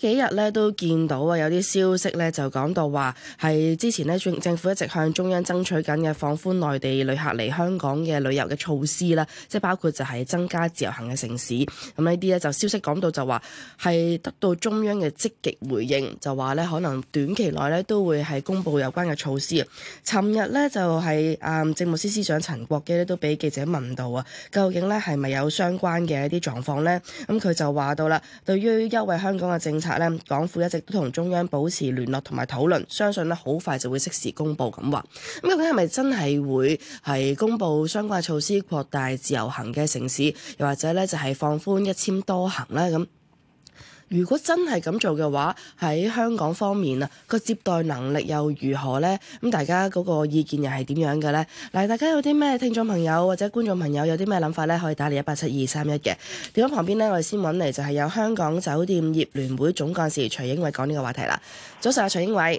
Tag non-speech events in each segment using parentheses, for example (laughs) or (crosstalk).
幾日咧都見到啊，有啲消息咧就講到話係之前咧政府一直向中央爭取緊嘅放寬內地旅客嚟香港嘅旅遊嘅措施啦，即係包括就係增加自由行嘅城市。咁呢啲咧就消息講到就話係得到中央嘅積極回應，就話咧可能短期內咧都會係公布有關嘅措施啊。尋日咧就係啊政務司司長陳國基咧都俾記者問到啊，究竟咧係咪有相關嘅一啲狀況呢？咁佢就話到啦，對於優惠香港嘅政策。港府一直都同中央保持聯絡同埋討論，相信咧好快就會即時公布咁話。咁究竟係咪真係會係公布相關措施擴大自由行嘅城市，又或者咧就係放寬一簽多行咧咁？如果真係咁做嘅話，喺香港方面啊，個接待能力又如何呢？咁大家嗰個意見又係點樣嘅呢？嗱，大家有啲咩聽眾朋友或者觀眾朋友有啲咩諗法呢？可以打嚟一八七二三一嘅電話旁邊呢，我哋先揾嚟就係有香港酒店業聯會總幹事徐英偉講呢個話題啦。早晨啊，徐英偉。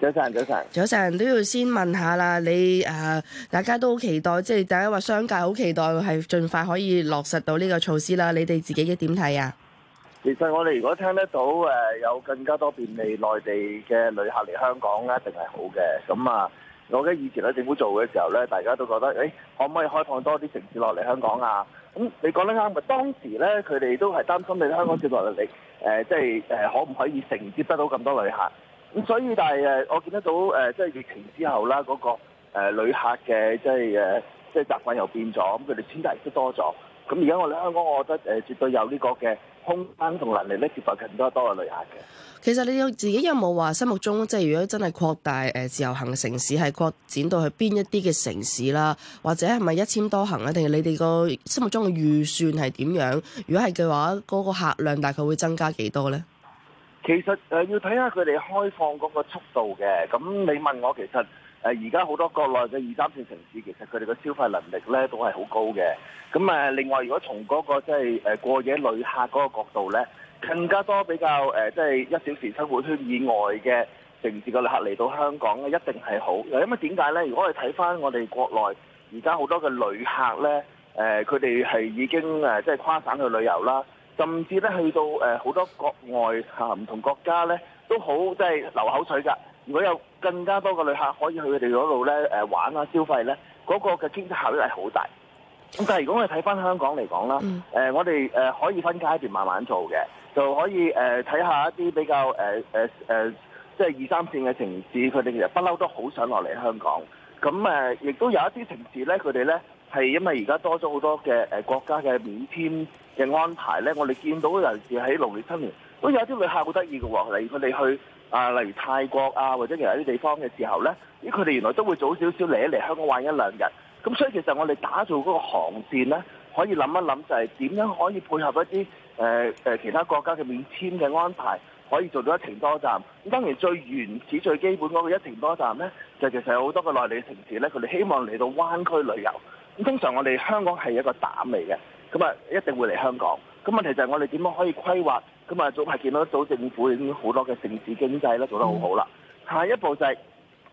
早晨，早晨。早晨都要先問、問下啦，你啊、呃，大家都好期待，即係大家話商界好期待係盡快可以落實到呢個措施啦。你哋自己嘅點睇啊？其實我哋如果聽得到誒有更加多便利內地嘅旅客嚟香港咧，一定係好嘅。咁啊，我覺得以前咧，政府做嘅時候咧，大家都覺得誒、欸，可唔可以開放多啲城市落嚟香港啊？咁你講得啱，咪當時咧，佢哋都係擔心你香港接落嚟，力、呃、誒，即係誒，可唔可以承接得到咁多旅客？咁所以但係誒，我見得到誒、呃，即係疫情之後啦，嗰、那個誒旅、呃呃、客嘅即係誒，即係、呃、習慣又變咗，咁佢哋選擇亦都多咗。咁而家我哋香港，我覺得誒絕對有呢個嘅空間同能力咧，接待更多多嘅旅客嘅。其實你有自己有冇話心目中，即係如果真係擴大誒自由行城市，係擴展到去邊一啲嘅城市啦？或者係咪一簽多行啊？定係你哋個心目中嘅預算係點樣，如果係嘅話嗰個客量大概會增加幾多咧？其實誒、呃、要睇下佢哋開放嗰個速度嘅。咁你問我，其實。誒而家好多國內嘅二三線城市，其實佢哋嘅消費能力咧都係好高嘅。咁誒，另外如果從嗰個即係誒過夜旅客嗰個角度咧，更加多比較誒即係一小時生活圈以外嘅城市嘅旅客嚟到香港咧，一定係好。因為點解咧？如果你睇翻我哋國內而家好多嘅旅客咧，誒佢哋係已經誒即係跨省去旅遊啦，甚至咧去到誒好多國外嚇唔同國家咧，都好即係流口水㗎。如果有更加多嘅旅客可以去佢哋嗰度咧，誒玩啊消費咧，嗰個嘅經濟效益係好大。咁但係如果我哋睇翻香港嚟講啦，誒、嗯呃，我哋誒可以分階段慢慢做嘅，就可以誒睇下一啲比較誒誒誒即係二三線嘅城市，佢哋其實不嬲都好想落嚟香港。咁誒亦都有一啲城市咧，佢哋咧係因為而家多咗好多嘅誒國家嘅免簽嘅安排咧，我哋見到、呃、有時喺農曆新年都有啲旅客好得意嘅喎，例如佢哋去。啊，例如泰國啊，或者其他啲地方嘅時候呢，咦，佢哋原來都會早少少嚟一嚟香港玩一兩日，咁所以其實我哋打造嗰個航線呢，可以諗一諗就係點樣可以配合一啲誒誒其他國家嘅免簽嘅安排，可以做到一程多站。咁當然最原始最基本嗰個一程多站呢，就其實有好多個內地城市呢，佢哋希望嚟到灣區旅遊。咁通常我哋香港係一個膽嚟嘅，咁啊一定會嚟香港。咁問題就係我哋點樣可以規劃？咁啊，早排、嗯、見到組政府已經好多嘅城市經濟咧做得好好啦。下一步就係、是、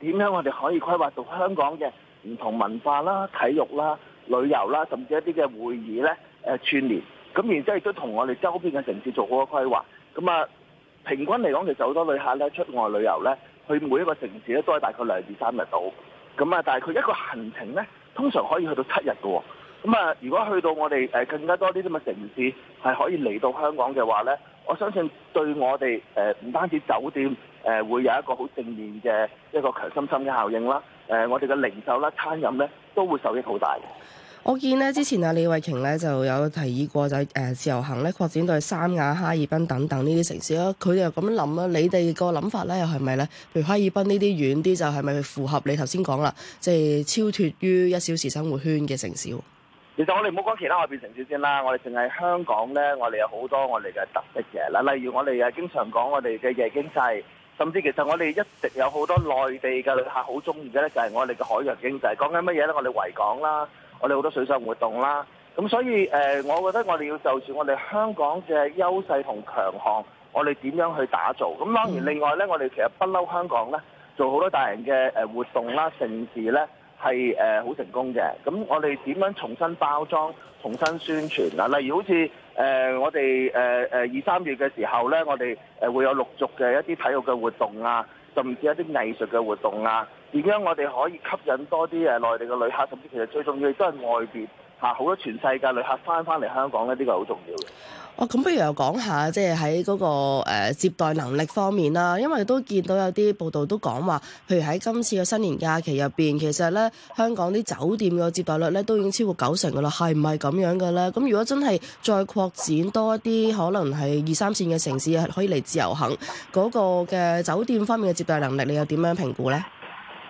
點樣我哋可以規劃到香港嘅唔同文化啦、體育啦、旅遊啦，甚至一啲嘅會議咧誒串聯。咁然之後亦都同我哋周邊嘅城市做好個規劃。咁啊，平均嚟講其實好多旅客咧出外旅遊咧，去每一個城市咧都係大概兩至三日到。咁啊，但係佢一個行程咧通常可以去到七日嘅喎。咁啊，如果去到我哋誒更加多啲咁嘅城市，係可以嚟到香港嘅話咧，我相信對我哋誒唔單止酒店誒會有一個好正面嘅一個強心心嘅效應啦。誒，我哋嘅零售啦、餐飲呢都會受益好大。我見咧之前啊李慧瓊呢就有提議過就誒自由行呢擴展到去三亞、哈爾濱等等呢啲城市咯。佢哋又咁樣諗你哋個諗法呢，又係咪呢？譬如哈爾濱呢啲遠啲，就係咪符合你頭先講啦，即係超脱於一小時生活圈嘅城市？其實我哋唔好講其他外邊城市先啦，我哋淨係香港呢，我哋有好多我哋嘅特色嘅嘢啦。例如我哋啊，經常講我哋嘅夜經濟，甚至其實我哋一直有好多內地嘅旅客好中意嘅呢，就係我哋嘅海洋經濟。講緊乜嘢呢？我哋維港啦，我哋好多水上活動啦。咁所以誒、呃，我覺得我哋要就住我哋香港嘅優勢同強項，我哋點樣去打造？咁當然另外呢，我哋其實不嬲香港呢做好多大型嘅誒活動啦，城市呢。係誒好成功嘅，咁我哋點樣重新包裝、重新宣傳啊？例如好似誒、呃、我哋誒誒二三月嘅時候咧，我哋誒會有陸續嘅一啲體育嘅活動啊，甚至一啲藝術嘅活動啊，而家我哋可以吸引多啲誒內地嘅旅客，甚至其實最重要都係外邊。好多全世界旅客翻翻嚟香港咧，呢個好重要嘅。咁不如又講下，即係喺嗰個誒、呃、接待能力方面啦。因為都見到有啲報道都講話，譬如喺今次嘅新年假期入邊，其實咧香港啲酒店嘅接待率咧都已經超過九成噶啦。係唔係咁樣嘅咧？咁如果真係再擴展多一啲，可能係二三綫嘅城市可以嚟自由行嗰、嗰個嘅酒店方面嘅接待能力，你又點樣評估咧？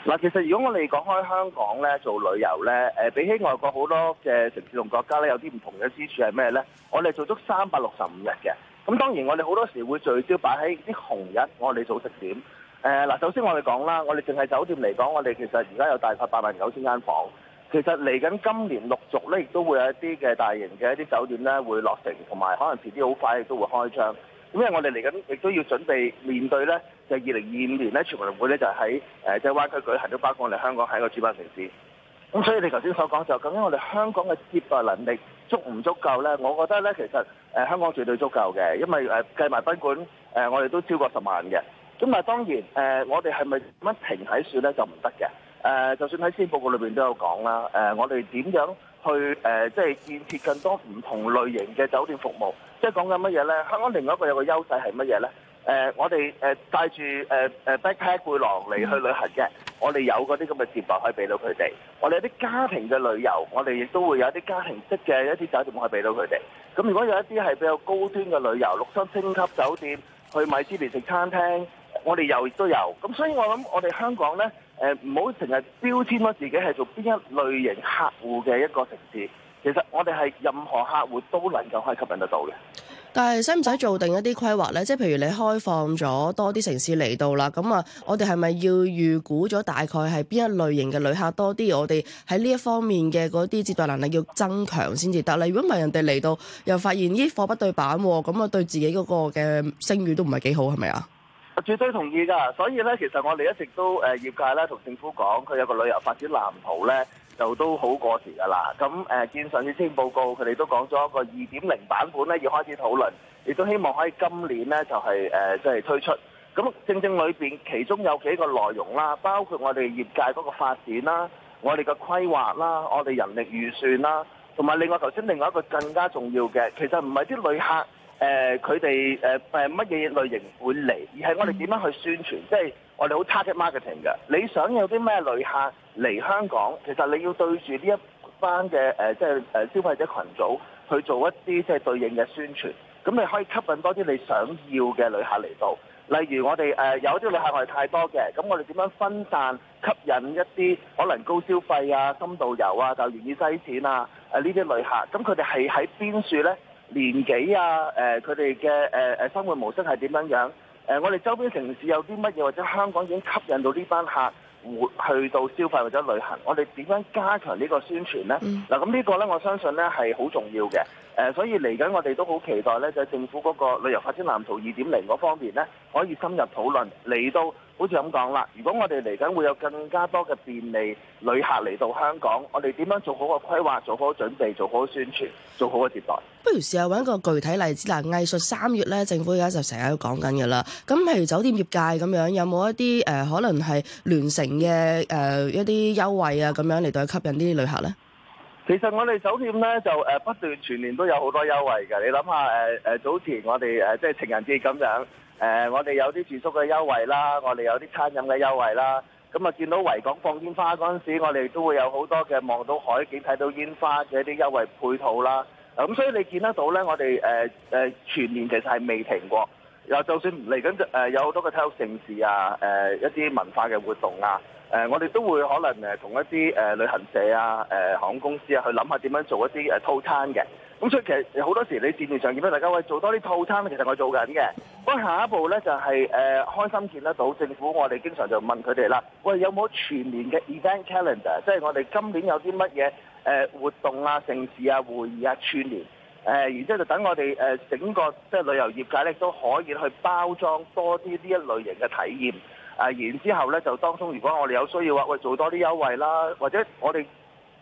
嗱，其實如果我哋講開香港咧做旅遊咧，誒、呃、比起外國好多嘅城市同國家咧，有啲唔同嘅之處係咩咧？我哋做足三百六十五日嘅，咁、嗯、當然我哋好多時會聚焦擺喺啲紅日，我哋做食點。誒、呃、嗱，首先我哋講啦，我哋淨係酒店嚟講，我哋其實而家有大概八萬九千間房，其實嚟緊今年陸續咧，亦都會有一啲嘅大型嘅一啲酒店咧會落成，同埋可能遲啲好快亦都會開張。因為我哋嚟緊亦都要準備面對呢，就係二零二五年呢，全運會呢，就喺誒西灣區舉行，都包括我哋香港係一個主辦城市。咁所以你頭先所講就究竟我哋香港嘅接待能力足唔足夠呢？我覺得呢，其實誒、呃、香港絕對足夠嘅，因為誒計埋賓館誒、呃，我哋都超過十萬嘅。咁但係當然誒、呃，我哋係咪乜停喺算呢？就唔得嘅？誒、呃，就算喺先報告裏邊都有講啦。誒、呃，我哋點樣去誒，即、呃、係、就是、建設更多唔同類型嘅酒店服務，即係講緊乜嘢咧？香港另外一個有一個優勢係乜嘢咧？誒、呃，我哋誒、呃、帶住誒誒 backpack 背囊嚟去旅行嘅，我哋有嗰啲咁嘅節目可以俾到佢哋。我哋有啲家庭嘅旅遊，我哋亦都會有啲家庭式嘅一啲酒店可以俾到佢哋。咁如果有一啲係比較高端嘅旅遊，六星星級酒店去米芝蓮食餐廳，我哋又亦都有。咁所以我諗，我哋香港咧。誒，唔好成日標籤咗自己係做邊一類型客戶嘅一個城市，其實我哋係任何客戶都能夠可以吸引得到嘅。但係使唔使做定一啲規劃呢？即係譬如你開放咗多啲城市嚟到啦，咁啊，我哋係咪要預估咗大概係邊一類型嘅旅客多啲？我哋喺呢一方面嘅嗰啲接待能力要增強先至得啦。如果唔係，人哋嚟到又發現啲貨不對板，咁啊，啊，對自己嗰個嘅聲譽都唔係幾好，係咪啊？絕對同意㗎，所以咧，其實我哋一直都誒、呃、業界咧同政府講，佢有個旅遊發展藍圖咧，就都好過時㗎啦。咁誒、呃、見上次清報告，佢哋都講咗一個二點零版本咧，要開始討論，亦都希望可以今年咧就係誒即係推出。咁正正裏邊其中有幾個內容啦，包括我哋業界嗰個發展啦，我哋嘅規劃啦，我哋人力預算啦，同埋另外頭先另外一個更加重要嘅，其實唔係啲旅客。誒佢哋誒誒乜嘢類型會嚟？而係我哋點樣去宣傳？即係我哋好 target marketing 㗎。你想有啲咩旅客嚟香港？其實你要對住呢一班嘅誒、呃，即係誒消費者群組去做一啲即係對應嘅宣傳，咁、嗯、你可以吸引多啲你想要嘅旅客嚟到。例如我哋誒、呃、有啲旅客我哋太多嘅，咁我哋點樣分散吸引一啲可能高消費啊、深度遊啊、就願意嘥錢啊誒、呃嗯、呢啲旅客？咁佢哋係喺邊處咧？年紀啊，誒佢哋嘅誒誒生活模式係點樣樣？誒、呃、我哋周邊城市有啲乜嘢，或者香港已經吸引到呢班客戶去到消費或者旅行。我哋點樣加強呢個宣傳呢？嗱、mm. 啊，咁呢個呢，我相信呢係好重要嘅。誒、呃，所以嚟緊我哋都好期待呢，就係、是、政府嗰個旅遊發展藍圖二點零嗰方面呢，可以深入討論嚟到。好似咁講啦，如果我哋嚟緊會有更加多嘅便利旅客嚟到香港，我哋點樣做好個規劃、做好準備、做好宣傳、做好個接待？不如試下揾個具體例子啦。藝術三月呢，政府而家就成日都講緊嘅啦。咁譬如酒店業界咁樣，有冇一啲誒可能係聯乘嘅誒一啲優惠啊？咁樣嚟到吸引啲旅客呢？其實我哋酒店呢就誒不斷全年都有好多優惠嘅。你諗下誒誒早前我哋誒即係情人節咁樣。誒、呃，我哋有啲住宿嘅優惠啦，我哋有啲餐飲嘅優惠啦。咁、嗯、啊，見到維港放煙花嗰陣時，我哋都會有好多嘅望到海景、睇到煙花嘅一啲優惠配套啦。咁、嗯、所以你見得到呢，我哋誒誒全年其實係未停過。又就算嚟緊誒有好多嘅體育城市啊，誒、呃、一啲文化嘅活動啊。誒、呃，我哋都會可能誒，同一啲誒旅行社啊、誒、呃、航空公司啊，去諗下點樣做一啲誒、uh, 套餐嘅。咁所以其實好多時你市面上見到大家喂做多啲套餐，其實我做緊嘅。咁下一步咧就係、是、誒、呃、開心見得到政府，我哋經常就問佢哋啦。喂，有冇全年嘅 event calendar，即係我哋今年有啲乜嘢誒活動啊、盛事啊、會議啊串聯？誒、呃，然之後就等我哋誒整個、呃、即係旅遊業界咧都可以去包裝多啲呢一類型嘅體驗。誒、啊、然之後咧，就當中如果我哋有需要話，喂做多啲優惠啦，或者我哋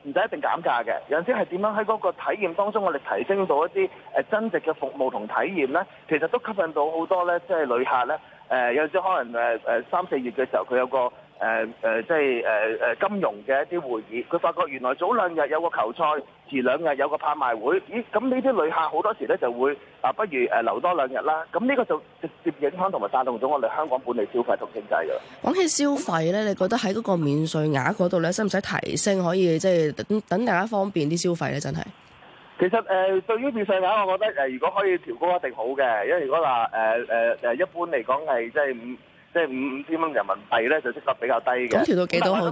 唔使一定減價嘅。有陣時係點樣喺嗰個體驗當中，我哋提升到一啲誒增值嘅服務同體驗咧，其實都吸引到好多咧，即係旅客咧誒有陣時可能誒誒、呃、三四月嘅時候佢有個。誒誒、呃，即係誒誒金融嘅一啲會議，佢發覺原來早兩日有個球賽，遲兩日有個拍賣會，咦？咁呢啲旅客好多時咧就會啊，不如誒留多兩日啦。咁、這、呢個就直接影響同埋帶動咗我哋香港本地消費同經濟㗎喇。講起消費咧，你覺得喺嗰個免稅額嗰度咧，使唔使提升，可以即係等等大家方便啲消費咧？真係。其實誒、呃，對於免稅額，我覺得誒、呃，如果可以調高一定好嘅，因為如果話誒誒誒，一般嚟講係即係五。即係五五千蚊人民幣咧，就適得比較低嘅。咁調到幾多好 (laughs)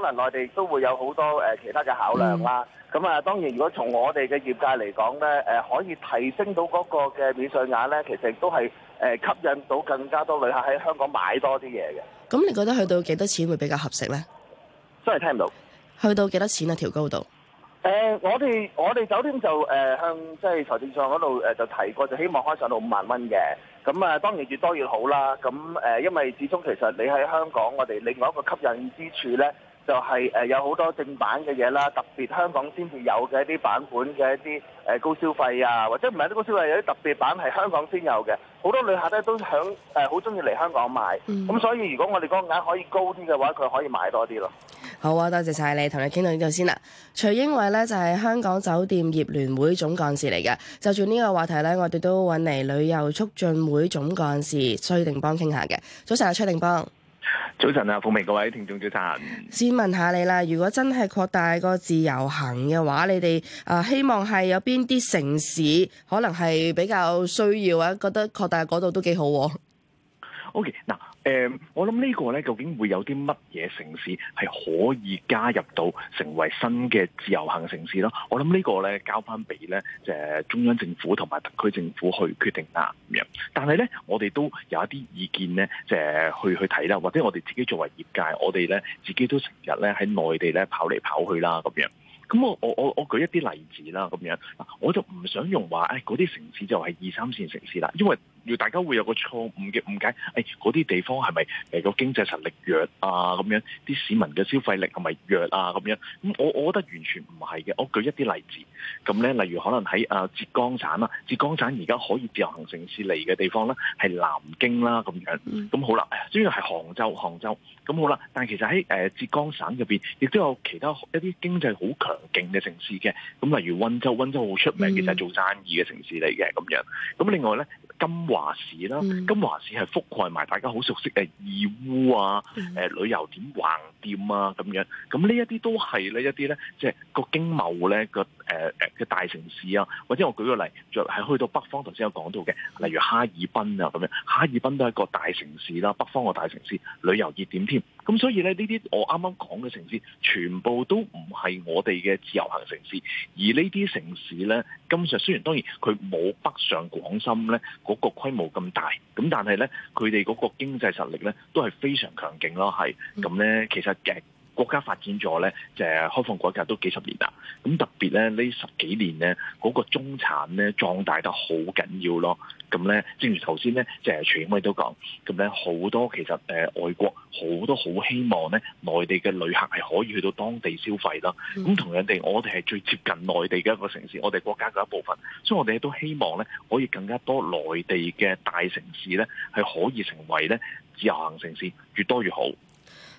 可能內地都會有好多誒其他嘅考量啦。咁啊，當然如果從我哋嘅業界嚟講咧，誒、呃、可以提升到嗰個嘅免稅額咧，其實亦都係誒吸引到更加多旅客喺香港買多啲嘢嘅。咁你覺得去到幾多錢會比較合適咧？真係聽唔到。去到幾多錢啊？調高到。誒、呃，我哋我哋酒店就誒、呃、向即係財政上嗰度誒就提過，就希望可上到五萬蚊嘅。咁啊，當然越多越好啦。咁誒，因為始終其實你喺香港，我哋另外一個吸引之處咧。就係誒有好多正版嘅嘢啦，特別香港先至有嘅一啲版本嘅一啲誒高消費啊，或者唔係啲高消費，有啲特別版係香港先有嘅，好多旅客咧都想誒好中意嚟香港買，咁、嗯、所以如果我哋個額可以高啲嘅話，佢可以買多啲咯。好啊，多謝晒你，同你傾到呢度先啦。徐英偉呢就係、是、香港酒店業聯會總幹事嚟嘅，就住呢個話題呢，我哋都揾嚟旅遊促進會總幹事崔定邦傾下嘅。早晨，啊，崔定邦。早晨啊，鳳鳴各位聽眾早晨。早晨先問下你啦，如果真係擴大個自由行嘅話，你哋啊、呃、希望係有邊啲城市可能係比較需要啊？覺得擴大嗰度都幾好。O.K. 嗱，誒，我諗呢個咧，究竟會有啲乜嘢城市係可以加入到成為新嘅自由行城市咯？我諗呢個咧，交翻俾咧，就、呃、中央政府同埋特區政府去決定啦、啊、咁樣。但係咧，我哋都有一啲意見咧，就、呃、係去去睇啦，或者我哋自己作為業界，我哋咧自己都成日咧喺內地咧跑嚟跑去啦咁樣。咁我我我我舉一啲例子啦咁樣。嗱，我就唔想用話誒嗰啲城市就係二三線城市啦，因為要大家會有個錯誤嘅誤解，誒嗰啲地方係咪誒個經濟實力弱啊？咁樣啲市民嘅消費力係咪弱啊？咁樣咁我我覺得完全唔係嘅。我舉一啲例子，咁咧例如可能喺誒浙江省啦，浙江省而家可以自由行城市嚟嘅地方咧係南京啦，咁樣，咁好啦，主要係杭州，杭州咁好啦。但係其實喺誒、呃、浙江省入邊，亦都有其他一啲經濟好強勁嘅城市嘅。咁例如溫州，溫州好出名，嗯、其實係做生意嘅城市嚟嘅咁樣。咁另外咧。金華市啦，金華市係覆蓋埋大家好熟悉嘅義烏啊，誒、呃、旅遊點橫店啊咁樣，咁呢一啲都係呢一啲咧，即係個經貿咧個誒誒嘅大城市啊，或者我舉個例，就係去到北方頭先有講到嘅，例如哈爾濱啊咁樣，哈爾濱都係個大城市啦，北方嘅大城市，旅遊熱點添。咁所以咧，呢啲我啱啱講嘅城市，全部都唔係我哋嘅自由行城市，而呢啲城市咧，根本上雖然當然佢冇北上廣深咧嗰個規模咁大，咁但係咧，佢哋嗰個經濟實力咧都係非常強勁咯，係咁咧，其實嘅國家發展咗咧，就係開放改革都幾十年啦，咁特別咧呢十幾年咧，嗰個中產咧壯大得好緊要咯。咁咧，正如頭先咧，即係全各都講，咁咧好多其實誒外國好多好希望咧，內地嘅旅客係可以去到當地消費啦。咁同、嗯、樣哋，我哋係最接近內地嘅一個城市，我哋國家嘅一部分，所以我哋都希望咧，可以更加多內地嘅大城市咧，係可以成為咧自由行城市，越多越好。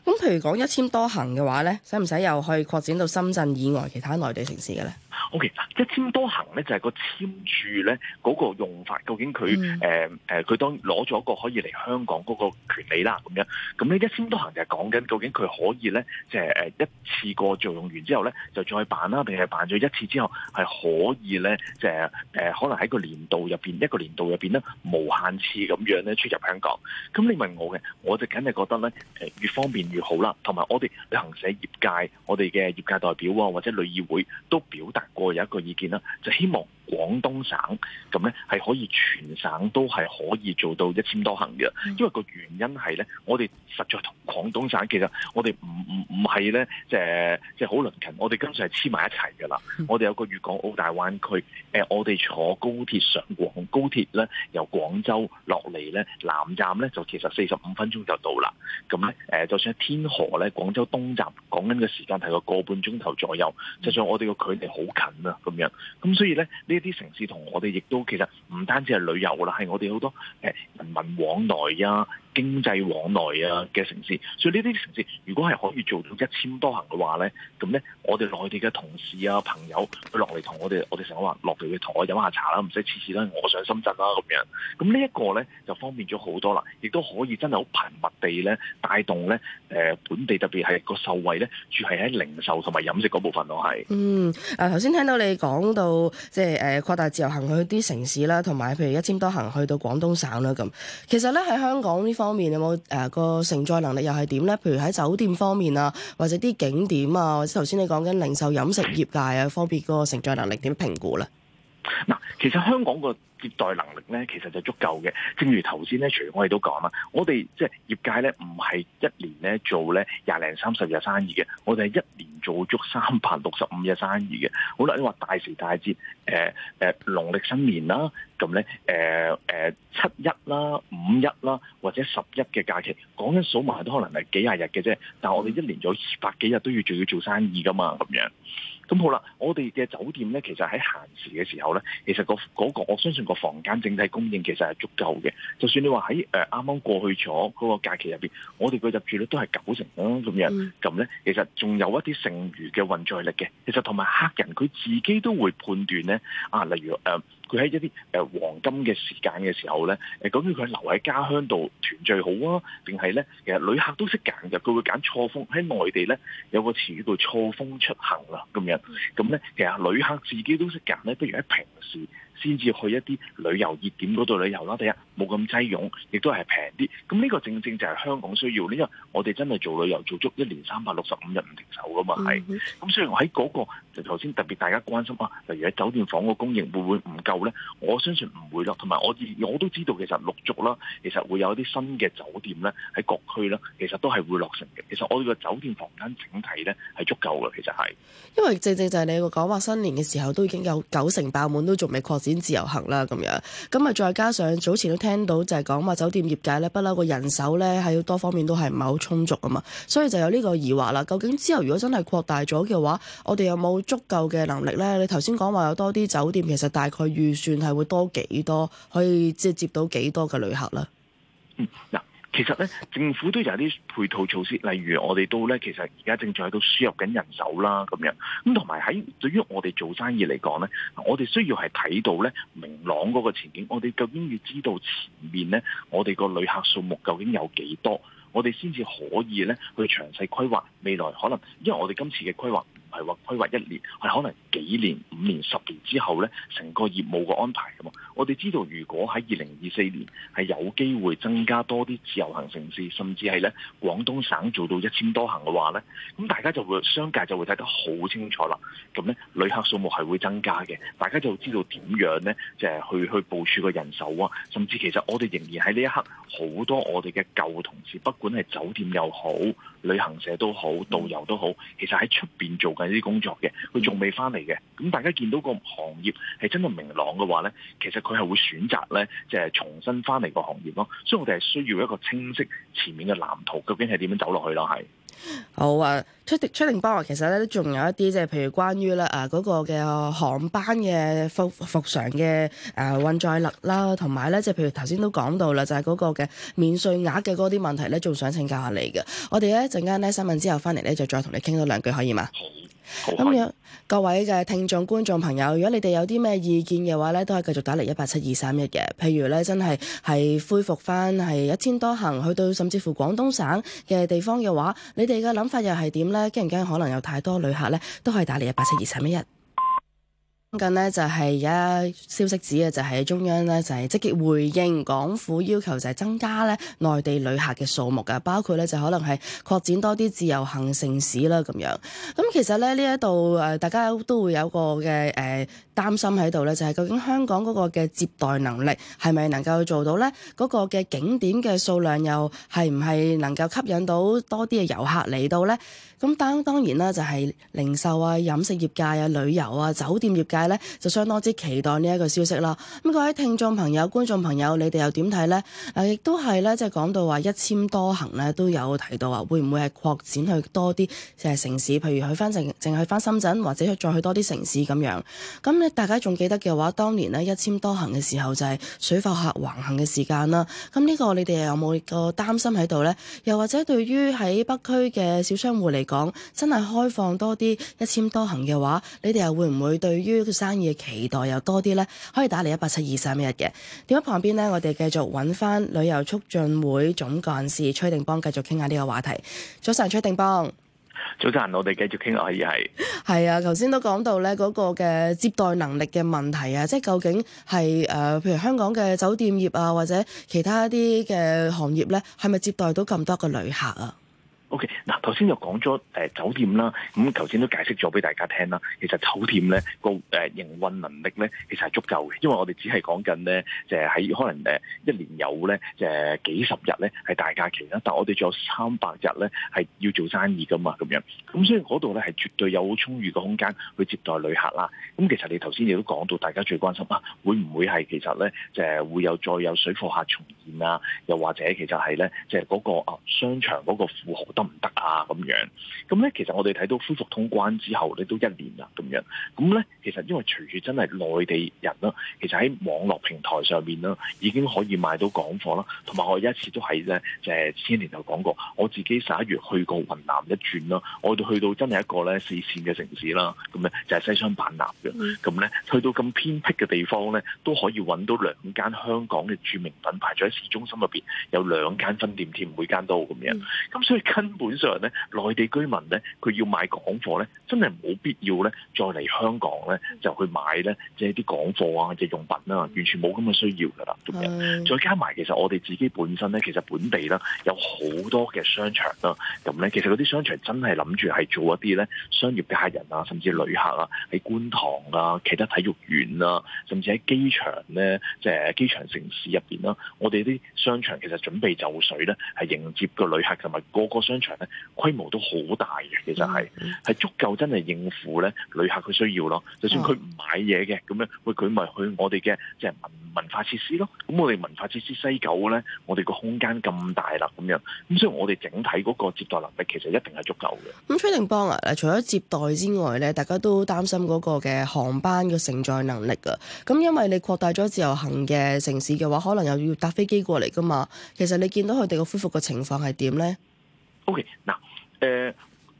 咁譬如講一簽多行嘅話咧，使唔使又去擴展到深圳以外其他內地城市嘅咧？O.K. 嗱，一簽多行咧就係個簽注咧嗰個用法，究竟佢誒誒佢當攞咗個可以嚟香港嗰個權利啦咁樣。咁呢一簽多行就係講緊究竟佢可以咧即係誒一次過作用完之後咧就再辦啦，定係辦咗一次之後係可以咧即係誒可能喺個年度入邊一個年度入邊咧無限次咁樣咧出入香港。咁你問我嘅，我就梗係覺得咧誒越方便，越好啦，同埋我哋旅行社業界，我哋嘅業界代表啊，或者旅議會都表達過有一個意見啦，就希望。廣東省咁咧，係可以全省都係可以做到一簽多行嘅，因為個原因係咧，我哋實在同廣東省其實我哋唔唔唔係咧，即係即係好鄰近，我哋今次係黐埋一齊嘅啦。我哋有個粵港澳大灣區，誒，我哋坐高鐵上廣高鐵咧，由廣州落嚟咧，南站咧就其實四十五分鐘就到啦。咁咧誒，就算喺天河咧，廣州東站講緊嘅時間係個個半鐘頭左右，實在我哋嘅距離好近啊咁樣。咁所以咧。呢啲城市同我哋亦都其實唔單止係旅遊啦，係我哋好多誒人民往來呀、啊、經濟往來啊嘅城市，所以呢啲城市如果係可以做到一簽多行嘅話咧，咁咧我哋內地嘅同事啊朋友，佢落嚟同我哋，我哋成日話落嚟去同我飲下茶啦，唔使次次都係我上深圳啦、啊、咁樣。咁呢一個咧就方便咗好多啦，亦都可以真係好頻密地咧帶動咧誒、呃、本地特別係個受惠咧，住係喺零售同埋飲食嗰部分都係。嗯，啊頭先聽到你講到即係誒擴大自由行去啲城市啦，同埋譬如一簽多行去到廣東省啦咁。其實咧喺香港方面有冇誒個承載能力又係點咧？譬如喺酒店方面啊，或者啲景點啊，或者頭先你講緊零售飲食業界啊方面個承載能力點評估咧？嗱，其實香港個接待能力咧，其實就足夠嘅。正如頭先咧，除我哋都講啦，我哋即係業界咧，唔係一年咧做咧廿零三十日生意嘅，我哋係一年做足三百六十五日生意嘅。好啦，你話大時大節，誒、呃、誒、呃，農曆新年啦，咁、呃、咧，誒、呃、誒，七一啦、五一啦，或者十一嘅假期，講緊數埋都可能係幾廿日嘅啫。但係我哋一年有二百幾日都要仲要做生意㗎嘛，咁樣。咁好啦，我哋嘅酒店咧，其實喺閒時嘅時候咧，其實、嗰個嗰、嗰個我相信個房間整體供應其實係足夠嘅。就算你話喺誒啱啱過去咗嗰個假期入邊，我哋個入住率都係九成咯咁樣，咁咧其實仲有一啲剩餘嘅運載力嘅。其實同埋客人佢自己都會判斷咧，啊，例如誒，呃佢喺一啲誒黃金嘅時間嘅時候咧，誒究竟佢留喺家鄉度團聚好啊，定係咧其實旅客都識揀嘅，佢會揀錯峯。喺內地咧有個詞語叫錯峯出行啦、啊，咁樣咁咧、嗯嗯嗯、其實旅客自己都識揀咧，不如喺平時，先至去一啲旅遊熱點嗰度旅遊啦，第一冇咁擠擁，亦都係平啲。咁呢個正正就係香港需要，因為我哋真係做旅遊做足一年三百六十五日唔停手噶嘛，係。咁所以喺嗰個頭先特別大家關心啊，例如喺酒店房個供應會唔會唔夠咧？我相信唔會咯。同埋我我都知道，其實陸續啦，其實會有一啲新嘅酒店咧喺各區啦，其實都係會落成嘅。其實我哋個酒店房間整體咧係足夠嘅，其實係。因為正正就係你個講話新年嘅時候都已經有九成爆滿，都仲未擴展自由行啦，咁樣咁啊，再加上早前都聽到就係講話，酒店業界咧不嬲個人手咧喺多方面都係唔係好充足啊嘛，所以就有呢個疑惑啦。究竟之後如果真係擴大咗嘅話，我哋有冇足夠嘅能力咧？你頭先講話有多啲酒店，其實大概預算係會多幾多，可以即係接到幾多嘅旅客咧？嗱、嗯。嗯其實咧，政府都有啲配套措施，例如我哋都咧，其實而家正在喺度輸入緊人手啦，咁樣咁同埋喺對於我哋做生意嚟講咧，我哋需要係睇到咧明朗嗰個前景，我哋究竟要知道前面咧我哋個旅客數目究竟有幾多，我哋先至可以咧去詳細規劃未來可能，因為我哋今次嘅規劃。係話規劃一年，係可能幾年、五年、十年之後呢成個業務個安排噶嘛。我哋知道，如果喺二零二四年係有機會增加多啲自由行城市，甚至係呢廣東省做到一千多行嘅話呢，咁大家就會商界就會睇得好清楚啦。咁呢旅客數目係會增加嘅，大家就知道點樣呢？即係去去部署個人手啊。甚至其實我哋仍然喺呢一刻，好多我哋嘅舊同事，不管係酒店又好。旅行社都好，導遊都好，其實喺出邊做緊呢啲工作嘅，佢仲未翻嚟嘅。咁大家見到個行業係真係明朗嘅話呢，其實佢係會選擇呢，即係重新翻嚟個行業咯。所以我哋係需要一個清晰前面嘅藍圖，究竟係點樣走落去咯？係。好啊，崔定崔定邦啊，其實咧仲有一啲即係，譬如關於咧啊嗰、那個嘅航、啊、班嘅復復常嘅誒運載率啦，同埋咧即係譬如頭先都講到啦，就係、是、嗰個嘅免稅額嘅嗰啲問題咧，仲想請教下你嘅。我哋咧一陣間咧新聞之後翻嚟咧，就再同你傾多兩句，可以嘛？好。咁樣、嗯、各位嘅聽眾、觀眾朋友，如果你哋有啲咩意見嘅話咧，都係繼續打嚟一八七二三一嘅。譬如咧，真係係恢復翻係一簽多行去到，甚至乎廣東省嘅地方嘅話，你哋嘅諗法又係點咧？驚唔驚？可能有太多旅客咧，都係打嚟一八七二三一。咁近呢就係而家消息指嘅就係、是、中央呢，就係積極回應港府要求就係增加咧內地旅客嘅數目噶、啊，包括咧就是、可能係擴展多啲自由行城市啦、啊、咁樣。咁、嗯、其實咧呢一度誒，大家都會有個嘅誒擔心喺度咧，就係、是、究竟香港嗰個嘅接待能力係咪能夠做到咧？嗰、那個嘅景點嘅數量又係唔係能夠吸引到多啲嘅遊客嚟到咧？咁當當然啦，就係零售啊、飲食業界啊、旅遊啊、酒店業界咧，就相當之期待呢一個消息啦。咁各位聽眾朋友、觀眾朋友，你哋又點睇咧？啊，亦都係咧，即係講到話一簽多行咧，都有提到話，會唔會係擴展去多啲誒城市？譬如去翻淨淨去翻深圳，或者去再去多啲城市咁樣。咁你大家仲記得嘅話，當年呢一簽多行嘅時候，就係水貨客橫行嘅時間啦。咁呢個你哋有冇個擔心喺度咧？又或者對於喺北區嘅小商戶嚟？講真係開放多啲一簽多行嘅話，你哋又會唔會對於生意嘅期待又多啲呢？可以打嚟一百七二三一嘅。點樣旁邊呢，我哋繼續揾翻旅遊促進會總幹事崔定邦繼續傾下呢個話題。早晨，崔定邦。早晨，我哋繼續傾落去。係。係啊，頭先都講到呢嗰個嘅接待能力嘅問題啊，即係究竟係誒，譬如香港嘅酒店業啊，或者其他一啲嘅行業呢，係咪接待到咁多嘅旅客啊？O.K. 嗱，頭先就講咗誒酒店啦，咁頭先都解釋咗俾大家聽啦。其實酒店咧個誒營運能力咧其實係足夠嘅，因為我哋只係講緊咧，就係喺可能誒一年有咧誒幾十日咧係大假期啦，但係我哋仲有三百日咧係要做生意噶嘛，咁樣，咁所以嗰度咧係絕對有好充裕嘅空間去接待旅客啦。咁其實你頭先亦都講到，大家最關心啊，會唔會係其實咧，就係會有再有水貨客重現啊？又或者其實係咧，就係、是、嗰個啊商場嗰個負荷。得唔得啊？咁樣咁咧，其實我哋睇到恢復通關之後咧，都一年啦咁樣。咁咧，其實因為隨住真係內地人啦，其實喺網絡平台上面啦，已經可以買到港貨啦。同埋我有一次都喺咧，就係、是、前年就講過，我自己十一月去過雲南一轉啦。我哋去到真係一個咧四線嘅城市啦，咁咧就係西雙版納嘅。咁咧去到咁偏僻嘅地方咧，都可以揾到兩間香港嘅著名品牌，喺市中心入邊有兩間分店添，每間都咁樣。咁所以基本上咧，內地居民咧，佢要買港貨咧，真係冇必要咧，再嚟香港咧就去買咧，即係啲港貨啊、嘅用品啦、啊，完全冇咁嘅需要㗎啦，咁樣的。再加埋其實我哋自己本身咧，其實本地啦，有好多嘅商場啦，咁咧，其實嗰啲商場真係諗住係做一啲咧商業嘅客人啊，甚至旅客啊，喺觀塘啊、其他體育園啊，甚至喺機場咧，即係機場城市入邊啦，我哋啲商場其實準備就緒咧，係迎接個旅客同埋個個商場規模都好大嘅，其實係係足夠，真係應付咧旅客佢需要咯。就算佢唔買嘢嘅咁樣，喂佢咪去我哋嘅即係文文化設施咯。咁我哋文化設施西九咧，我哋個空間咁大啦，咁樣咁，所以我哋整體嗰個接待能力其實一定係足夠嘅。咁崔定邦啊，除咗接待之外咧，大家都擔心嗰個嘅航班嘅承載能力啊。咁因為你擴大咗自由行嘅城市嘅話，可能又要搭飛機過嚟噶嘛。其實你見到佢哋個恢復嘅情況係點咧？O.K. 嗱，呃，誒，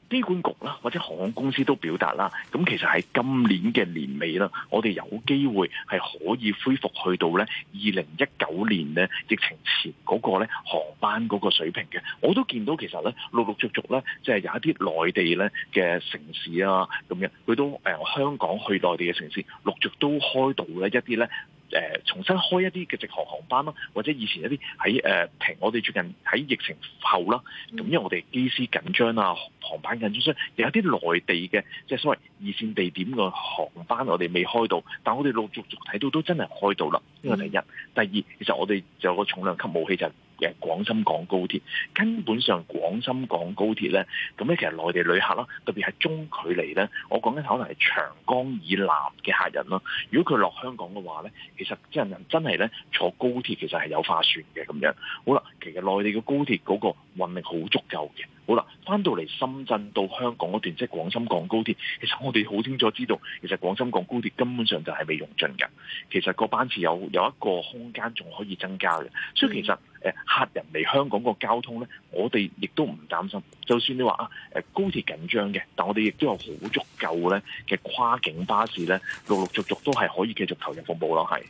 機管局啦，或者航空公司都表達啦，咁其實喺今年嘅年尾啦，我哋有機會係可以恢復去到咧二零一九年咧疫情前嗰個咧航班嗰個水平嘅。我都見到其實咧陸陸續續咧，即係有一啲內地咧嘅城市啊咁樣，佢都誒香港去內地嘅城市陸續都開到咧一啲咧。誒重新開一啲嘅直航航班啦，或者以前一啲喺誒停，呃、我哋最近喺疫情後啦，咁因為我哋機師緊張啊，航班緊張，所以有啲內地嘅即係所謂二線地點嘅航班我哋未開到，但我哋陸續續睇到都真係開到啦。呢個、嗯、第一，第二其實我哋就有個重量級武器就係、是。嘅廣深港高鐵，根本上廣深港高鐵呢，咁咧其實內地旅客啦，特別係中距離呢，我講緊可能係長江以南嘅客人咯。如果佢落香港嘅話呢，其實真人真係呢坐高鐵其實係有化算嘅咁樣。好啦，其實內地嘅高鐵嗰個運力好足夠嘅。好啦，翻到嚟深圳到香港嗰段，即係廣深港高鐵，其實我哋好清楚知道，其實廣深港高鐵根本上就係未用盡嘅。其實個班次有有一個空間仲可以增加嘅，所以其實誒，嗯、客人嚟香港個交通咧，我哋亦都唔擔心。就算你話啊，誒高鐵緊張嘅，但我哋亦都有好足夠咧嘅跨境巴士咧，陸陸續續都係可以繼續投入服務咯，係。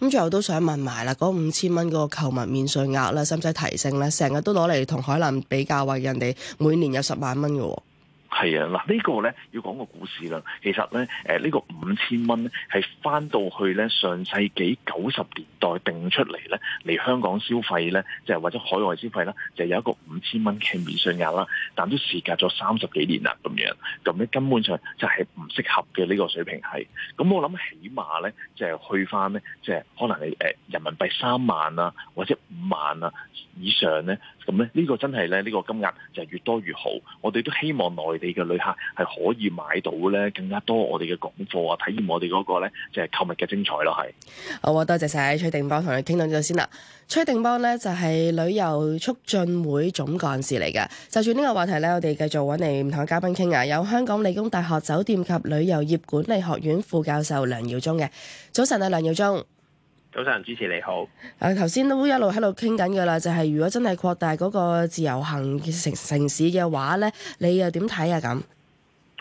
咁最後都想問埋啦，嗰五千蚊嗰個購物免稅額咧，使唔使提升咧？成日都攞嚟同海南比較，話人哋每年有十萬蚊嘅喎。係啊，嗱、這個、呢講個咧要講個故事啦。其實咧，誒、呃、呢、這個五千蚊咧係翻到去咧上世紀九十年代定出嚟咧，嚟香港消費咧，即係或者海外消費啦，就是、有一個五千蚊嘅免稅額啦。但都時隔咗三十幾年啦，咁樣咁咧根本上就係唔適合嘅呢、這個水平係。咁我諗起碼咧，即、就、係、是、去翻咧，即、就、係、是、可能係誒人民幣三萬啊，或者五萬啊。以上呢，咁咧呢個真係咧呢、這個金額就越多越好。我哋都希望內地嘅旅客係可以買到呢更加多我哋嘅港貨啊，體驗我哋嗰個咧就係、是、購物嘅精彩咯，係。好，多謝晒。崔定邦同你傾到呢度先啦。崔定邦呢，就係、是、旅遊促進會總幹事嚟嘅。就住呢個話題呢，我哋繼續揾嚟唔同嘅嘉賓傾啊。有香港理工大學酒店及旅遊業管理學院副教授梁堯忠嘅。早晨啊，梁堯忠。早晨，主持你好。誒、啊，頭先都一路喺度傾緊嘅啦，就係、是、如果真係擴大嗰個自由行城城市嘅話咧，你又點睇啊？咁誒、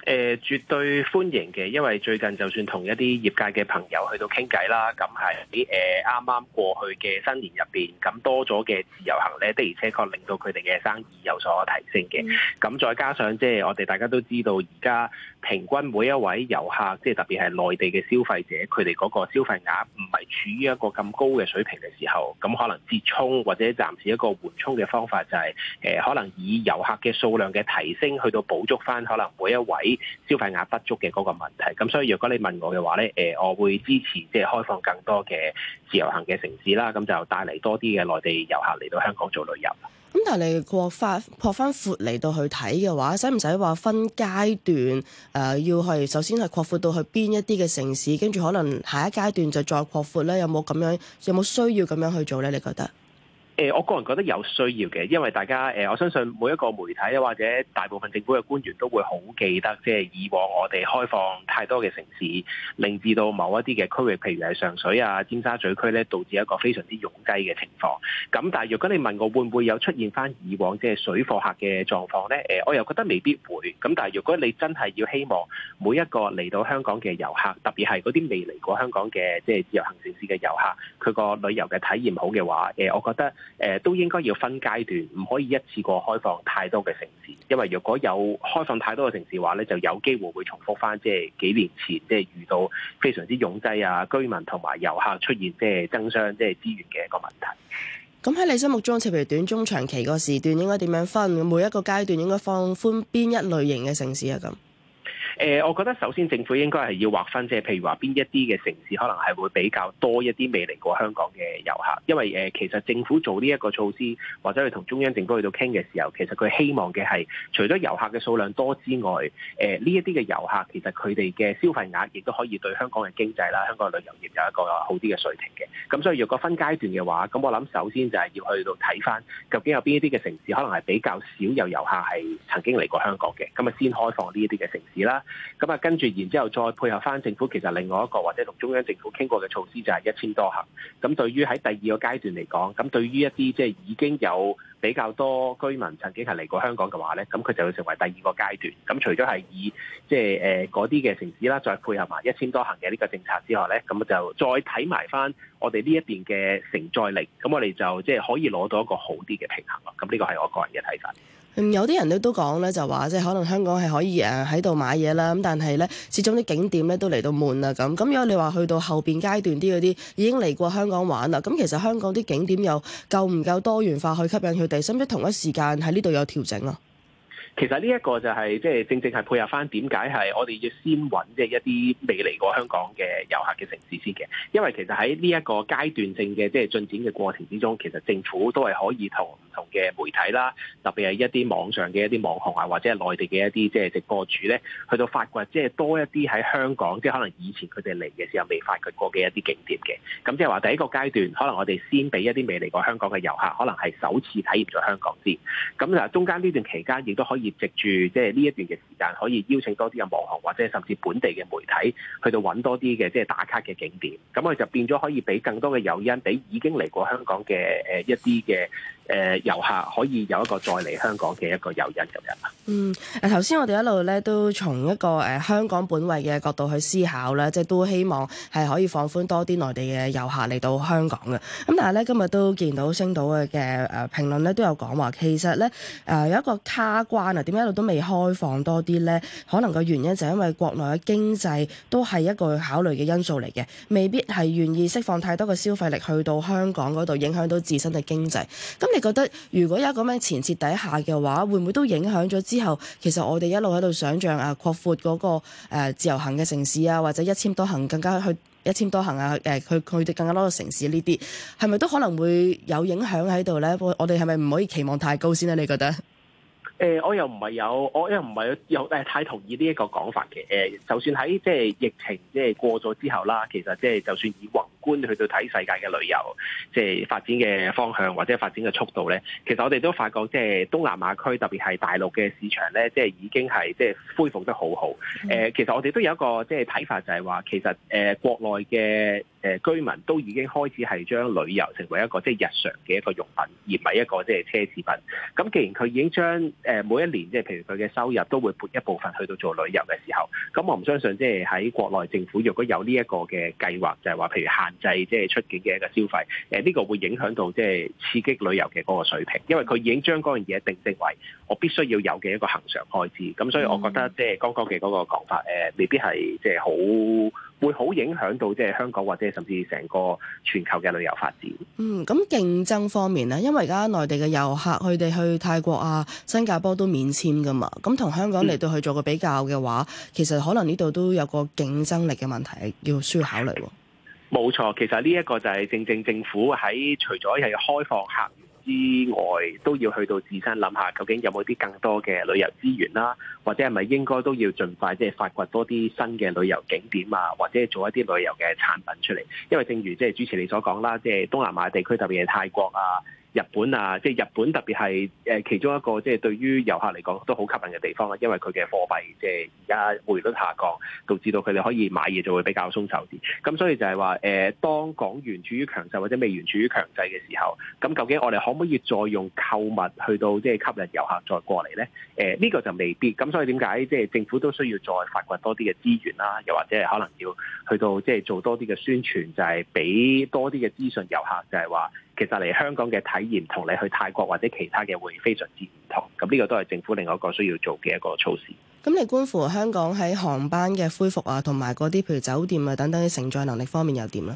呃，絕對歡迎嘅，因為最近就算同一啲業界嘅朋友去到傾偈啦，咁係啲誒啱啱過去嘅新年入邊，咁多咗嘅自由行咧，的而且確令到佢哋嘅生意有所提升嘅。咁、嗯、再加上即係我哋大家都知道而家。平均每一位遊客，即係特別係內地嘅消費者，佢哋嗰個消費額唔係處於一個咁高嘅水平嘅時候，咁可能折衷或者暫時一個緩衝嘅方法就係、是，誒、呃、可能以遊客嘅數量嘅提升去到補足返可能每一位消費額不足嘅嗰個問題。咁所以若果你問我嘅話咧，誒、呃、我會支持即係開放更多嘅自由行嘅城市啦，咁就帶嚟多啲嘅內地遊客嚟到香港做旅遊。咁但係你擴翻擴翻闊嚟到去睇嘅話，使唔使話分階段？誒、呃，要係首先係擴闊到去邊一啲嘅城市，跟住可能下一階段就再擴闊咧？有冇咁樣？有冇需要咁樣去做咧？你覺得？誒，我個人覺得有需要嘅，因為大家誒，我相信每一個媒體或者大部分政府嘅官員都會好記得，即係以往我哋開放太多嘅城市，令至到某一啲嘅區域，譬如係上水啊、尖沙咀區咧，導致一個非常之擁擠嘅情況。咁但係，若果你問我會唔會有出現翻以往即係水貨客嘅狀況咧？誒，我又覺得未必會。咁但係，若果你真係要希望每一個嚟到香港嘅遊客，特別係嗰啲未嚟過香港嘅即係自由行城市嘅遊客，佢個旅遊嘅體驗好嘅話，誒，我覺得。誒都應該要分階段，唔可以一次過開放太多嘅城市，因為若果有開放太多嘅城市話咧，就有機會會重複翻即係幾年前即係遇到非常之擁擠啊，居民同埋遊客出現即係爭相、即係資源嘅一個問題。咁喺你心目中，譬如短中長期個時段應該點樣分？每一個階段應該放寬邊一類型嘅城市啊？咁。誒、呃，我覺得首先政府應該係要劃分，即係譬如話邊一啲嘅城市，可能係會比較多一啲未嚟過香港嘅遊客。因為誒、呃，其實政府做呢一個措施，或者去同中央政府去到傾嘅時候，其實佢希望嘅係除咗遊客嘅數量多之外，誒、呃、呢一啲嘅遊客其實佢哋嘅消費額亦都可以對香港嘅經濟啦、香港旅遊業有一個好啲嘅水平嘅。咁所以若果分階段嘅話，咁我諗首先就係要去到睇翻究竟有邊一啲嘅城市，可能係比較少有遊客係曾經嚟過香港嘅，咁啊先開放呢一啲嘅城市啦。咁啊，跟住然之後再配合翻政府，其實另外一個或者同中央政府傾過嘅措施就係一簽多行。咁對於喺第二個階段嚟講，咁對於一啲即係已經有比較多居民曾經係嚟過香港嘅話呢，咁佢就會成為第二個階段。咁除咗係以即係誒嗰啲嘅城市啦，再配合埋一簽多行嘅呢個政策之外呢，咁就再睇埋翻我哋呢一邊嘅承載力，咁我哋就即係可以攞到一個好啲嘅平衡。咁呢個係我個人嘅睇法。嗯、有啲人咧都講咧就話即係可能香港係可以誒喺度買嘢啦，咁但係咧始終啲景點咧都嚟到悶啦，咁。咁如果你話去到後邊階段啲嗰啲已經嚟過香港玩啦，咁、嗯、其實香港啲景點又夠唔夠多元化，去吸引佢哋？使唔使同一時間喺呢度有調整啊？其實呢一個就係即係正正係配合翻點解係我哋要先揾即係一啲未嚟過香港嘅遊客嘅城市先嘅，因為其實喺呢一個階段性嘅即係進展嘅過程之中，其實政府都係可以同唔同嘅媒體啦，特別係一啲網上嘅一啲網紅啊，或者係內地嘅一啲即係直播主呢，去到發掘即係多一啲喺香港，即係可能以前佢哋嚟嘅時候未發掘過嘅一啲景點嘅。咁即係話第一個階段，可能我哋先俾一啲未嚟過香港嘅遊客，可能係首次體驗咗香港先。咁啊，中間呢段期間亦都可以。藉住即係呢一段嘅時間，可以邀請多啲嘅網紅或者甚至本地嘅媒體去到揾多啲嘅即係打卡嘅景點，咁佢就變咗可以俾更多嘅誘因，俾已經嚟過香港嘅誒一啲嘅。誒遊、呃、客可以有一個再嚟香港嘅一個誘因咁樣啦。嗯，誒頭先我哋一路咧都從一個誒、呃、香港本位嘅角度去思考咧，即係都希望係可以放寬多啲內地嘅遊客嚟到香港嘅。咁、啊、但係咧今日都見到星島嘅嘅誒評論咧都有講話，其實咧誒有一個卡關啊，點解一路都未開放多啲咧？可能個原因就係因為國內嘅經濟都係一個考慮嘅因素嚟嘅，未必係願意釋放太多嘅消費力去到香港嗰度，影響到自身嘅經濟。咁你覺得如果有咁樣前設底下嘅話，會唔會都影響咗之後？其實我哋一路喺度想象啊，擴闊嗰、那個誒、呃、自由行嘅城市啊，或者一簽多行更加去一簽多行啊，誒、呃，去佢哋更加多個城市呢啲，係咪都可能會有影響喺度呢？我哋係咪唔可以期望太高先呢、啊？你覺得？誒、呃，我又唔係有，我又唔係有，有太同意呢一個講法嘅、呃。就算喺即係疫情即係過咗之後啦，其實即、就、係、是、就算以。混。去到睇世界嘅旅遊，即係發展嘅方向或者發展嘅速度咧。其實我哋都發覺，即係東南亞區特別係大陸嘅市場咧，即係已經係即係恢復得好好。誒、呃，其實我哋都有一個即係睇法就，就係話其實誒、呃、國內嘅誒居民都已經開始係將旅遊成為一個即係日常嘅一個用品，而唔係一個即係奢侈品。咁既然佢已經將誒、呃、每一年即係譬如佢嘅收入都會撥一部分去到做旅遊嘅時候，咁我唔相信即係喺國內政府若果有呢一個嘅計劃，就係、是、話譬如限就係即係出境嘅一個消費，誒、這、呢個會影響到即係刺激旅遊嘅嗰個水平，因為佢已經將嗰樣嘢定性為我必須要有嘅一個恒常開支，咁所以我覺得即係剛剛嘅嗰個講法誒、呃，未必係即係好會好影響到即係香港或者甚至成個全球嘅旅遊發展。嗯，咁競爭方面咧，因為而家內地嘅遊客佢哋去泰國啊、新加坡都免簽㗎嘛，咁同香港嚟到去做個比較嘅話，嗯、其實可能呢度都有個競爭力嘅問題要需要考慮喎。冇錯，其實呢一個就係正正政府喺除咗係開放客源之外，都要去到自身諗下，究竟有冇啲更多嘅旅遊資源啦，或者係咪應該都要盡快即係發掘多啲新嘅旅遊景點啊，或者做一啲旅遊嘅產品出嚟。因為正如即係主持你所講啦，即係東南亞地區特別係泰國啊。日本啊，即係日本特別係誒其中一個即係對於遊客嚟講都好吸引嘅地方啦，因為佢嘅貨幣即係而家匯率下降，導致到佢哋可以買嘢就會比較鬆手啲。咁所以就係話誒，當港元處於強勢或者美元處於強勢嘅時候，咁究竟我哋可唔可以再用購物去到即係吸引遊客再過嚟咧？誒呢個就未必。咁所以點解即係政府都需要再發掘多啲嘅資源啦，又或者係可能要去到即係做多啲嘅宣傳，就係俾多啲嘅資訊遊客，就係話。其實嚟香港嘅體驗同你去泰國或者其他嘅會非常之唔同，咁呢個都係政府另外一個需要做嘅一個措施。咁你觀乎香港喺航班嘅恢復啊，同埋嗰啲譬如酒店啊等等嘅承載能力方面又點咧？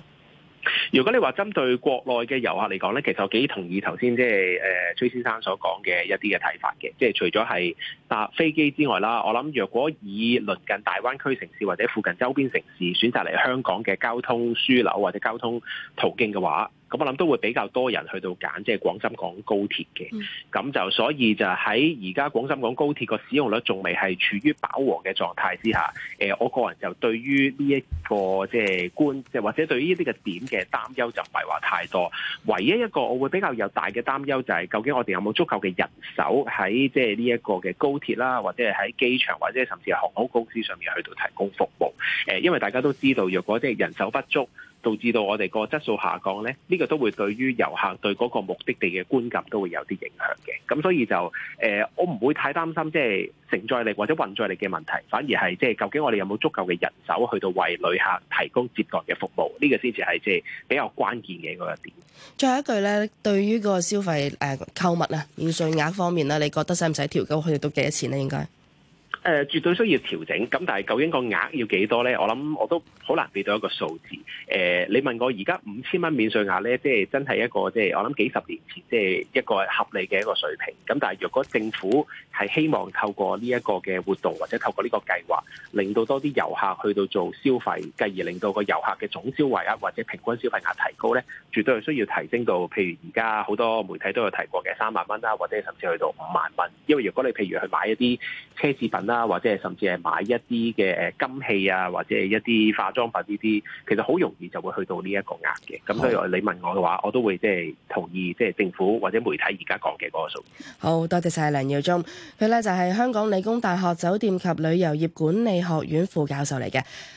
如果你話針對國內嘅遊客嚟講呢，其實我幾同意頭先即係誒崔先生所講嘅一啲嘅睇法嘅，即係除咗係搭飛機之外啦，我諗若果以鄰近大灣區城市或者附近周邊城市選擇嚟香港嘅交通樞紐或者交通途徑嘅話，咁我諗都會比較多人去到揀，即係廣深港高鐵嘅，咁、嗯、就所以就喺而家廣深港高鐵個使用率仲未係處於飽和嘅狀態之下。誒、呃，我個人就對於呢一個即係觀，即係或者對於呢個點嘅擔憂就唔係話太多。唯一一個我會比較有大嘅擔憂就係，究竟我哋有冇足夠嘅人手喺即係呢一個嘅高鐵啦，或者係喺機場，或者甚至係航空公司上面去到提供服務。誒、呃，因為大家都知道，若果即係人手不足。導致到我哋個質素下降咧，呢、這個都會對於遊客對嗰個目的地嘅觀感都會有啲影響嘅。咁所以就誒、呃，我唔會太擔心即係承載力或者運載力嘅問題，反而係即係究竟我哋有冇足夠嘅人手去到為旅客提供接待嘅服務，呢、這個先至係即係比較關鍵嘅嗰一點。最後一句咧，對於個消費誒、呃、購物啊，免稅額方面啦，你覺得使唔使調高？去到幾多錢咧？應該？誒、呃、絕對需要調整，咁但係究竟個額要幾多呢？我諗我都好難俾到一個數字。誒、呃，你問我而家五千蚊免稅額呢？即係真係一個即係我諗幾十年前即係一個合理嘅一個水平。咁但係若果政府係希望透過呢一個嘅活動或者透過呢個計劃，令到多啲遊客去到做消費，繼而令到個遊客嘅總消費額或者平均消費額提高呢，絕對係需要提升到，譬如而家好多媒體都有提過嘅三萬蚊啦，或者甚至去到五萬蚊。因為如果你譬如去買一啲奢侈品，啦，或者係甚至係買一啲嘅誒金器啊，或者係一啲化妝品呢啲，其實好容易就會去到呢一個額嘅。咁所以你問我嘅話，我都會即係同意，即係政府或者媒體而家講嘅嗰個數字。好多謝晒梁堯忠，佢咧就係香港理工大學酒店及旅遊業管理學院副教授嚟嘅。